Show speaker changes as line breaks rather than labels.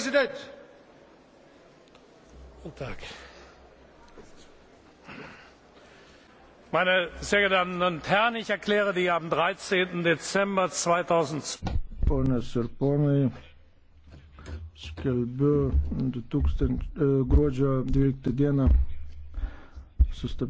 Präsident!
Guten Tag. Meine sehr geehrten Damen und Herren, ich erkläre die am 13. Dezember 2012.
Ponas ir ponai,
skelbiu 2000, e, gruodžio 12 dieną
sustabdyti.